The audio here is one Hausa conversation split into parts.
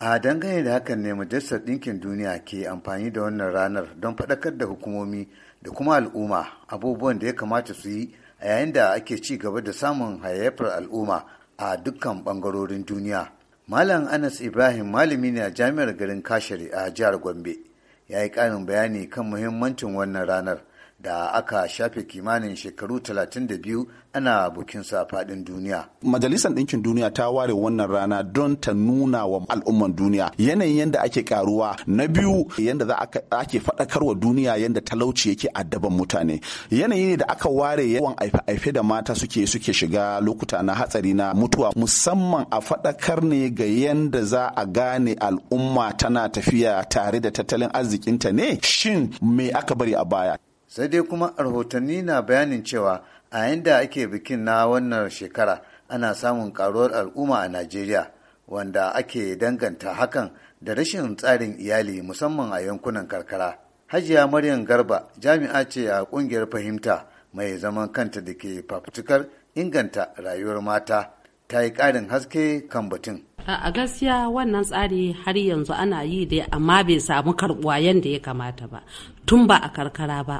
a dangane da hakan ne majalisar ɗinkin duniya ke amfani da wannan ranar don faɗakar da hukumomi da kuma al'umma abubuwan da ya kamata su yi a yayin da ake ci gaba da samun hayayyafar al'umma a dukkan ɓangarorin duniya malam anas ibrahim malami ne a jami'ar garin kashiri a jihar gombe ya yi ƙarin bayani kan muhimmancin wannan ranar da aka shafe kimanin shekaru 32 ana bukinsa faɗin duniya. Majalisar Ɗinkin Duniya ta ware wannan rana don ta nuna wa al'umman duniya yanayin yadda ake karuwa na biyu yadda za ake faɗakarwa duniya yadda talauci yake addaban mutane yanayi ne da aka ware yawan aife-aife da mata suke suke shiga lokuta na hatsari na mutuwa musamman a faɗakar ne ga yadda za a gane al'umma tana tafiya tare da tattalin arzikinta ne shin me aka bari a baya sai dai kuma rahotanni na bayanin cewa a yanda ake bikin na wannan shekara ana samun karuwar al'umma a najeriya wanda ake danganta hakan da rashin tsarin iyali musamman a yankunan karkara hajiya maryam garba jami'a ce a kungiyar fahimta mai zaman kanta da ke fafutukar inganta rayuwar mata ta yi ƙarin haske kan batun a gaskiya wannan tsari har yanzu ana yi dai amma bai samu karbuwa yadda ya kamata ba tun ba a karkara ba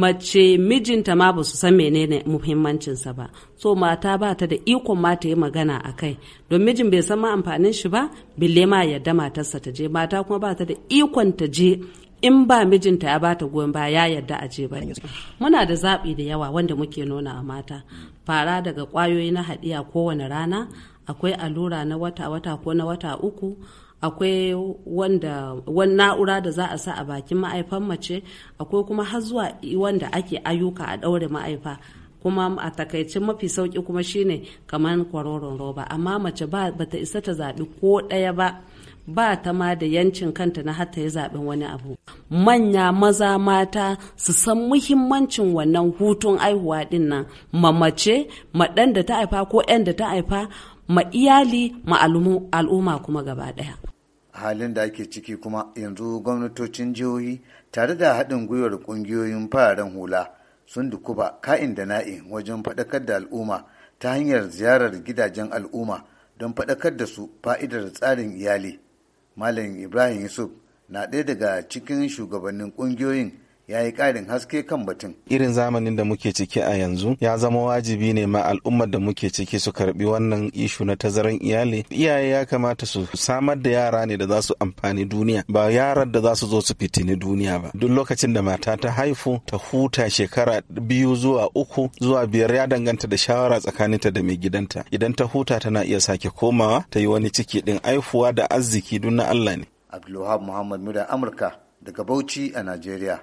mace mijinta ma ba su san menene muhimmancinsa ba so mata ba ta da ikon ma ta yi magana a kai don mijin bai san ma amfanin shi ba bille ma yadda matarsa ta je mata kuma ba ta da ikon ta je in ba mijinta ya bata goyon ba ya yadda a je ba muna da zaɓi da yawa wanda muke nuna a mata fara daga ƙwayoyi na haɗiya kowane rana akwai allura na wata-wata ko na wata uku akwai wanda wani na'ura da za a sa a bakin ma'aifan mace akwai kuma har zuwa wanda ake ayyuka a ɗaure ma'aifa kuma a takaice mafi sauki kuma shine kamar kwaroron roba amma mace ba ta isa ta zaɓi ko ɗaya ba ba ta ma da yancin kanta na hatta ya zaɓi wani abu manya maza mata su san muhimmancin wannan hutun aihuwa ɗin nan mamace maɗan da ta haifa ko 'yan da ta haifa ma iyali ma al'umma kuma gaba ɗaya. halin da ake ciki kuma yanzu gwamnatocin jihohi tare da haɗin gwiwar ƙungiyoyin fararen hula sun dukuba ka'in da na'in wajen faɗakar da al'umma ta hanyar ziyarar gidajen al'umma don faɗakar da su fa'idar tsarin iyali malam ibrahim yusuf na ɗaya daga cikin shugabannin ƙungiyoyin ya yi ƙarin haske kan batun. Irin zamanin da muke ciki a yanzu ya zama wajibi ne ma al'ummar da muke ciki su karbi wannan ishu na tazaran iyali. Iyaye ya kamata su samar da yara ne da za su amfani duniya ba yaran da za su zo su fitini duniya ba. Duk lokacin da mata ta haifu ta huta shekara biyu zuwa uku zuwa biyar ya danganta da shawara tsakaninta da mai gidanta. Idan ta huta tana iya sake komawa ta yi wani ciki din aifuwa da arziki duk na Allah ne. Abdulwahab Muhammad Muda Amurka daga Bauchi a Najeriya.